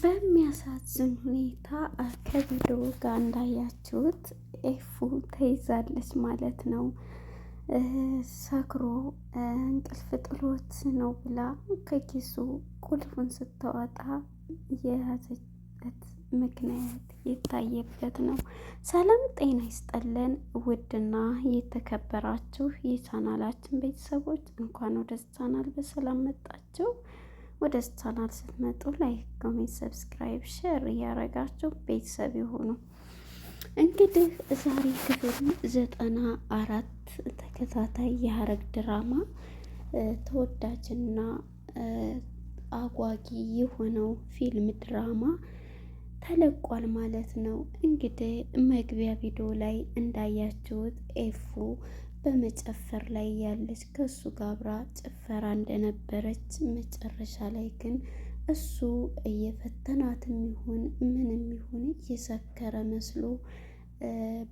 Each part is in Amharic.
በሚያሳዝን ሁኔታ ከቪዲዮ ጋር እንዳያችሁት ኤፉ ተይዛለች ማለት ነው። ሰክሮ እንቅልፍ ጥሎት ነው ብላ ከኪሱ ቁልፉን ስታወጣ የያዘበት ምክንያት ይታየበት ነው። ሰላም ጤና ይስጠለን። ውድና የተከበራችሁ የቻናላችን ቤተሰቦች እንኳን ወደ ቻናል በሰላም መጣችሁ። ወደ ቻናል ስትመጡ ላይክ፣ ኮሜንት፣ ሰብስክራይብ፣ ሼር እያረጋችሁ ቤተሰብ የሆኑ እንግዲህ ዛሬ ክፍል ዘጠና አራት ተከታታይ የሀረግ ድራማ ተወዳጅና አጓጊ የሆነው ፊልም ድራማ ተለቋል ማለት ነው። እንግዲህ መግቢያ ቪዲዮ ላይ እንዳያችሁት ኤፉ በመጨፈር ላይ ያለች ከእሱ ጋር አብራ ጭፈራ እንደነበረች መጨረሻ ላይ ግን እሱ እየፈተናትም ይሁን ምንም ይሁን እየሰከረ መስሎ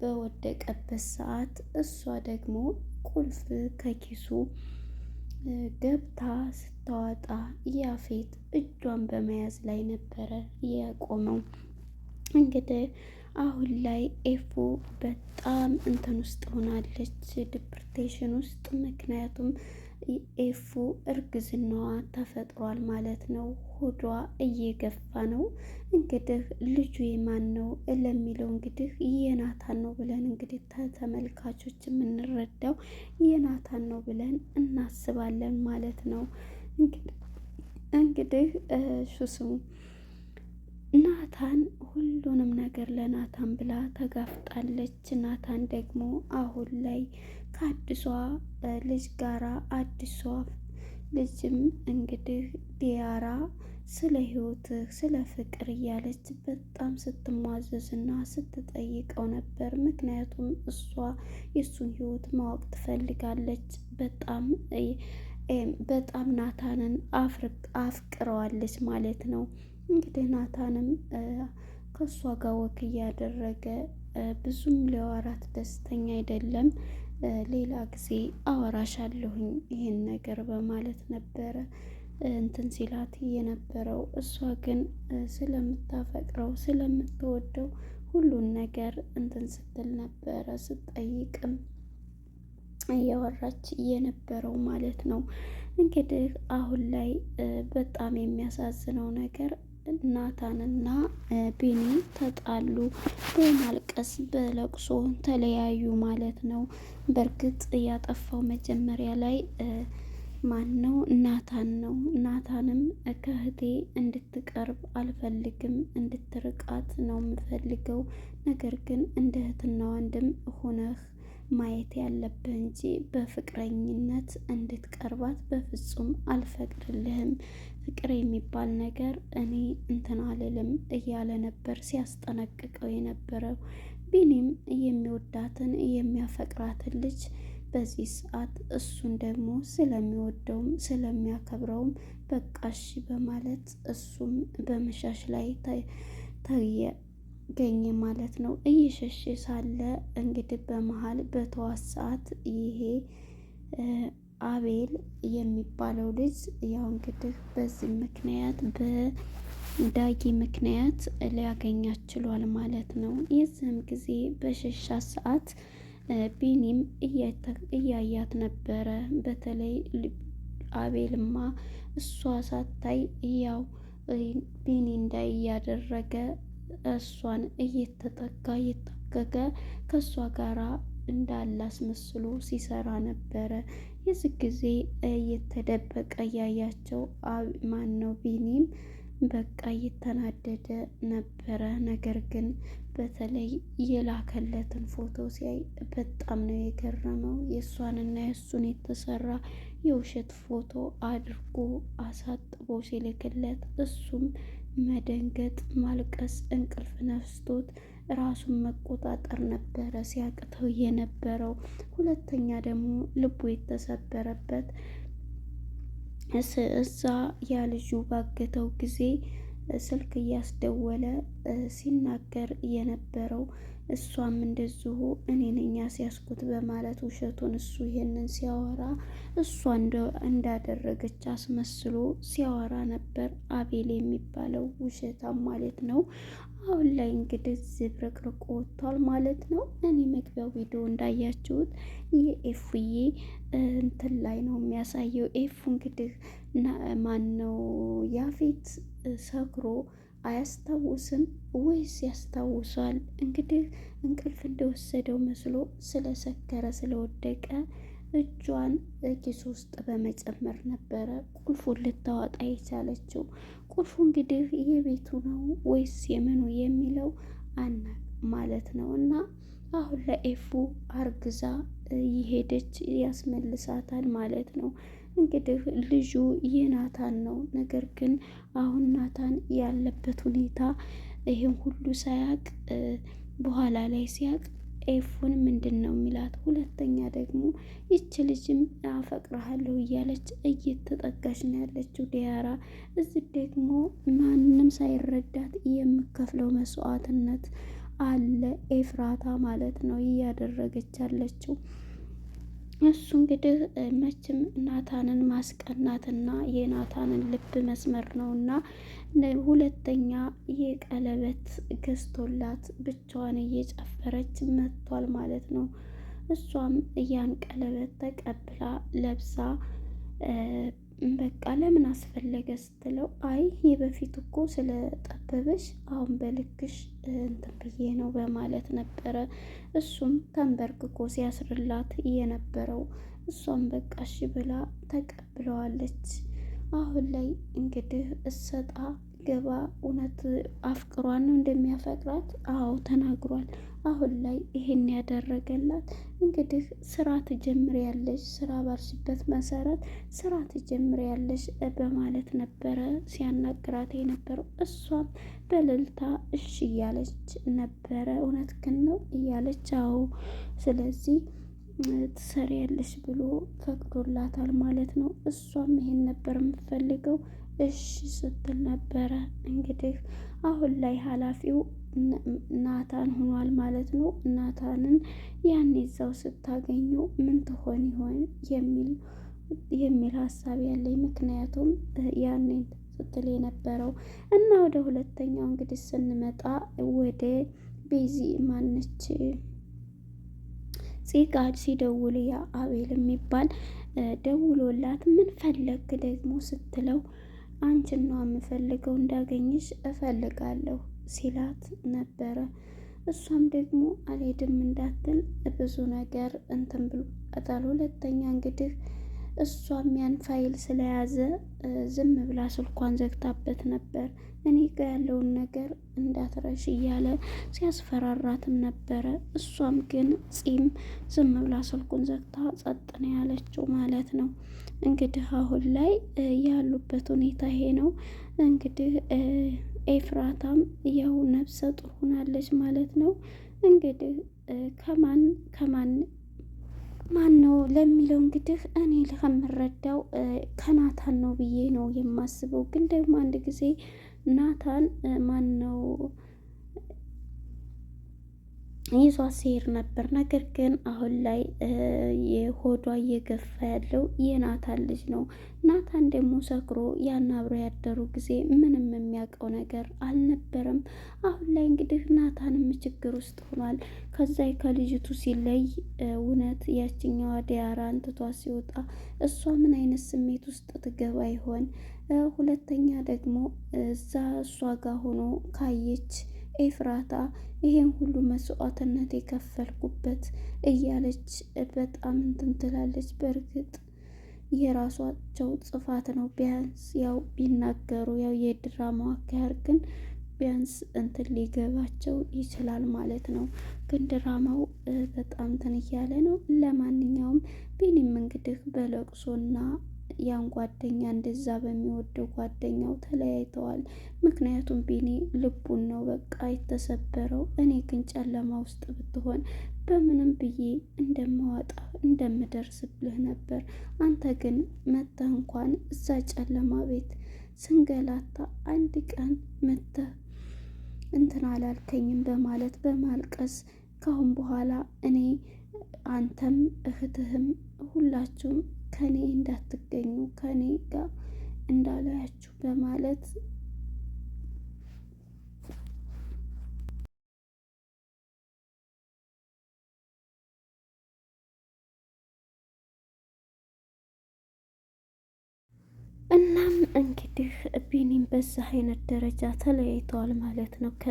በወደቀበት ሰዓት እሷ ደግሞ ቁልፍ ከኪሱ ገብታ ስታወጣ ያፌት እጇን በመያዝ ላይ ነበረ የቆመው። እንግዲህ አሁን ላይ ኤፉ በጣም እንትን ውስጥ ሆናለች፣ ዲፕርቴሽን ውስጥ ምክንያቱም ኤፉ እርግዝናዋ ተፈጥሯል ማለት ነው። ሆዷ እየገፋ ነው። እንግዲህ ልጁ የማን ነው ለሚለው እንግዲህ የናታን ነው ብለን እንግዲህ ተመልካቾች የምንረዳው የናታን ነው ብለን እናስባለን ማለት ነው እንግዲህ እሹ ናታን ሁሉንም ነገር ለናታን ብላ ተጋፍጣለች። ናታን ደግሞ አሁን ላይ ከአዲሷ ልጅ ጋራ አዲሷ ልጅም እንግዲህ ዲያራ ስለ ህይወትህ ስለ ፍቅር እያለች በጣም ስትሟዘዝና ስትጠይቀው ነበር። ምክንያቱም እሷ የእሱን ህይወት ማወቅ ትፈልጋለች። በጣም በጣም ናታንን አፍቅረዋለች ማለት ነው። እንግዲህ ናታንም ከእሷ ጋር ወክ እያደረገ ብዙም ሊያወራት ደስተኛ አይደለም። ሌላ ጊዜ አወራሻለሁኝ ይህን ነገር በማለት ነበረ እንትን ሲላት የነበረው። እሷ ግን ስለምታፈቅረው ስለምትወደው ሁሉን ነገር እንትን ስትል ነበረ ስጠይቅም እያወራች የነበረው ማለት ነው። እንግዲህ አሁን ላይ በጣም የሚያሳዝነው ነገር ናታንና ቤኒ ተጣሉ። በማልቀስ በለቅሶ ተለያዩ ማለት ነው። በእርግጥ ያጠፋው መጀመሪያ ላይ ማን ነው? ናታን ነው። ናታንም ከህቴ እንድትቀርብ አልፈልግም፣ እንድትርቃት ነው የምፈልገው። ነገር ግን እንደ እህትና ወንድም ሆነህ ማየት ያለብህ እንጂ በፍቅረኝነት እንድትቀርባት በፍጹም አልፈቅድልህም። ፍቅር የሚባል ነገር እኔ እንትን አልልም እያለ ነበር ሲያስጠነቅቀው የነበረው። ቢኒም የሚወዳትን የሚያፈቅራትን ልጅ በዚህ ሰዓት እሱን ደግሞ ስለሚወደውም ስለሚያከብረውም በቃሽ በማለት እሱም በመሻሽ ላይ ተገኘ ማለት ነው። እየሸሸ ሳለ እንግዲህ በመሀል በተዋት ሰዓት ይሄ አቤል የሚባለው ልጅ ያው እንግዲህ በዚህ ምክንያት በዳጊ ምክንያት ሊያገኛት ችሏል ማለት ነው። የዚህም ጊዜ በሸሻ ሰዓት ቢኒም እያያት ነበረ። በተለይ አቤልማ እሷ ሳታይ ያው ቢኒ እንዳይ እያደረገ እሷን እየተጠጋ እየታገገ ከእሷ ጋራ እንዳለ አስመስሎ ሲሰራ ነበረ። የዚህ ጊዜ እየተደበቀ እያያቸው ማን ነው ቢኒም በቃ እየተናደደ ነበረ። ነገር ግን በተለይ የላከለትን ፎቶ ሲያይ በጣም ነው የገረመው። የእሷንና የእሱን የተሰራ የውሸት ፎቶ አድርጎ አሳጥቦ ሲልክለት እሱም መደንገጥ፣ ማልቀስ፣ እንቅልፍ ነስቶት ራሱን መቆጣጠር ነበረ ሲያቅተው የነበረው። ሁለተኛ ደግሞ ልቡ የተሰበረበት እዛ ያ ልጁ ባገተው ጊዜ ስልክ እያስደወለ ሲናገር የነበረው እሷም እንደዚሁ እኔ ነኝ ሲያስኩት በማለት ውሸቱን እሱ ይሄንን ሲያወራ እሷ እንዳደረገች አስመስሎ ሲያወራ ነበር። አቤል የሚባለው ውሸታም ማለት ነው። አሁን ላይ እንግዲህ ዝብርቅርቅ ወጥቷል ማለት ነው። እኔ መግቢያው ቪዲዮ እንዳያችሁት የኤፉዬ እንትን ላይ ነው የሚያሳየው። ኤፉ እንግዲህ ማን ነው ያፌት ሰክሮ አያስታውስም ወይስ ያስታውሷል? እንግዲህ እንቅልፍ እንደወሰደው መስሎ ስለሰከረ ስለወደቀ እጇን ኪስ ውስጥ በመጨመር ነበረ ቁልፉን ልታወጣ የቻለችው። ቁልፉ እንግዲህ የቤቱ ነው ወይስ የምኑ የሚለው አና ማለት ነው። እና አሁን ለኤፉ አርግዛ እየሄደች ያስመልሳታል ማለት ነው። እንግዲህ ልጁ የናታን ነው። ነገር ግን አሁን ናታን ያለበት ሁኔታ ይህን ሁሉ ሳያቅ በኋላ ላይ ሲያቅ ኤፉን ምንድን ነው የሚላት? ሁለተኛ ደግሞ ይች ልጅም አፈቅረሃለሁ እያለች እየተጠጋች ነው ያለችው ዲያራ። እዚህ ደግሞ ማንም ሳይረዳት የምከፍለው መስዋዕትነት አለ ኤፍራታ ማለት ነው እያደረገች ያለችው። እሱ እንግዲህ መቼም ናታንን ማስቀናትና የናታንን ልብ መስመር ነውና ሁለተኛ የቀለበት ገዝቶላት ብቻዋን እየጨፈረች መጥቷል ማለት ነው። እሷም እያን ቀለበት ተቀብላ ለብሳ በቃ ለምን አስፈለገ ስትለው አይ የበፊት እኮ ስለጠበበሽ አሁን በልክሽ እንትን ብዬ ነው በማለት ነበረ እሱም ተንበርክኮ ሲያስርላት የነበረው። እሷም በቃ እሺ ብላ ተቀብለዋለች። አሁን ላይ እንግዲህ እሰጣ ገባ እውነት አፍቅሯን ነው እንደሚያፈቅራት አዎ ተናግሯል። አሁን ላይ ይሄን ያደረገላት እንግዲህ ስራ ትጀምሪያለሽ፣ ስራ ባልሽበት መሰረት ስራ ትጀምሪያለሽ በማለት ነበረ ሲያናግራት የነበረው። እሷም በልልታ እሺ እያለች ነበረ። እውነት ግን ነው እያለች አዎ፣ ስለዚህ ትሰሪያለሽ ብሎ ፈቅዶላታል ማለት ነው። እሷም ይሄን ነበር የምትፈልገው። እሺ ስትል ነበረ። እንግዲህ አሁን ላይ ኃላፊው ናታን ሆኗል ማለት ነው። ናታንን ያኔ ይዛው ስታገኙ ምን ትሆን ይሆን የሚል የሚል ሀሳብ ያለኝ ምክንያቱም ያኔ ስትል የነበረው እና ወደ ሁለተኛው እንግዲህ ስንመጣ ወደ ቤዚ ማነች ጽጋድ ሲደውል ያ አቤል የሚባል ደውሎላት ምን ፈለግ ደግሞ ስትለው አንቺን ነው የምፈልገው እንዳገኝሽ እፈልጋለሁ ሲላት ነበረ። እሷም ደግሞ አልሄድም እንዳትል ብዙ ነገር እንትን ብሎ ቀጣል። ሁለተኛ እንግዲህ እሷም ያን ፋይል ስለያዘ ዝም ብላ ስልኳን ዘግታበት ነበር። እኔ ጋ ያለውን ነገር እንዳትረሽ እያለ ሲያስፈራራትም ነበረ። እሷም ግን ጺም ዝም ብላ ስልኩን ዘግታ ጸጥ ነው ያለችው ማለት ነው። እንግዲህ አሁን ላይ ያሉበት ሁኔታ ይሄ ነው። እንግዲህ ኤፍራታም ያው ነፍሰ ጡር ሆናለች ማለት ነው። እንግዲህ ከማን ከማን ማን ነው ለሚለው እንግዲህ እኔ ከምረዳው ከናታን ነው ብዬ ነው የማስበው። ግን ደግሞ አንድ ጊዜ ናታን ማን ነው ይዟት ሲሄድ ነበር። ነገር ግን አሁን ላይ የሆዷ እየገፋ ያለው የናታን ልጅ ነው። ናታን ደግሞ ሰክሮ ያን አብሮ ያደሩ ጊዜ ምንም የሚያውቀው ነገር አልነበረም። አሁን ላይ እንግዲህ ናታንም ችግር ውስጥ ሆኗል። ከዛ ከልጅቱ ሲለይ እውነት ያችኛዋ ዲያራ እንትቷ ሲወጣ እሷ ምን አይነት ስሜት ውስጥ ትገባ ይሆን? ሁለተኛ ደግሞ እዛ እሷ ጋር ሆኖ ካየች ኤፍራታ ይሄን ሁሉ መስዋዕትነት የከፈልኩበት እያለች በጣም እንትን ትላለች። በእርግጥ የራሷቸው ጽፋት ነው። ቢያንስ ያው ቢናገሩ ያው የድራማ አካሄድ ግን ቢያንስ እንትን ሊገባቸው ይችላል ማለት ነው። ግን ድራማው በጣም እንትን እያለ ነው። ለማንኛውም ቢኒም እንግዲህ በለቅሶና ያን ጓደኛ እንደዛ በሚወደው ጓደኛው ተለያይተዋል። ምክንያቱም ቢኒ ልቡን ነው በቃ የተሰበረው። እኔ ግን ጨለማ ውስጥ ብትሆን በምንም ብዬ እንደማወጣ እንደምደርስብህ ነበር። አንተ ግን መተህ እንኳን እዛ ጨለማ ቤት ስንገላታ አንድ ቀን መተህ እንትን አላልከኝም በማለት በማልቀስ ካሁን በኋላ እኔ አንተም እህትህም ሁላችሁም ከኔ እንዳትገኙ ከኔ ጋር እንዳላያችሁ በማለት እናም እንግዲህ ቢኒም በዛ አይነት ደረጃ ተለያይተዋል ማለት ነው ከ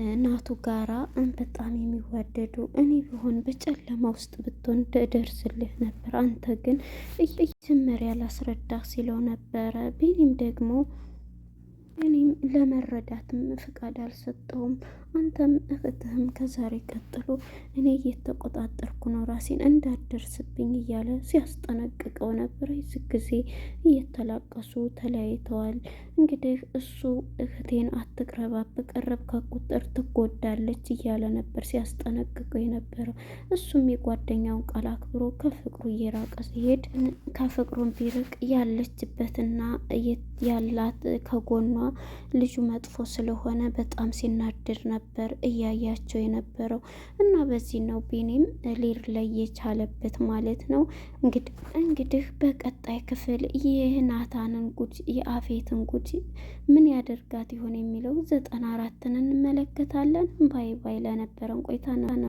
እናቱ ጋራ በጣም የሚዋደዱ እኔ ብሆን በጨለማ ውስጥ ብትሆን ደደርስልህ ነበር፣ አንተ ግን መጀመሪያ ላስረዳህ ሲለው ነበረ። ቢኒም ደግሞ እኔም ለመረዳትም ፍቃድ አልሰጠውም። አንተም እህትህም ከዛሬ ቀጥሎ እኔ እየተቆጣጠርኩ ነው ራሴን እንዳደርስብኝ እያለ ሲያስጠነቅቀው ነበር። ይህ ጊዜ እየተላቀሱ ተለያይተዋል። እንግዲህ እሱ እህቴን አትቅረባ፣ በቀረብካ ቁጥር ትጎዳለች እያለ ነበር ሲያስጠነቅቀው የነበረው። እሱም የጓደኛውን ቃል አክብሮ ከፍቅሩ እየራቀ ሲሄድ ከፍቅሩን ቢርቅ ያለችበትና ያላት ከጎኗ ልጁ መጥፎ ስለሆነ በጣም ሲናደድ ነበር። ነበር እያያቸው የነበረው እና በዚህ ነው ቢኒም ላይ የቻለበት ማለት ነው። እንግዲህ በቀጣይ ክፍል ይህ ናታንን ጉድ የአፌትን ጉድ ምን ያደርጋት ይሆን የሚለው ዘጠና አራትን እንመለከታለን። ባይ ባይ። ለነበረን ቆይታ ነው።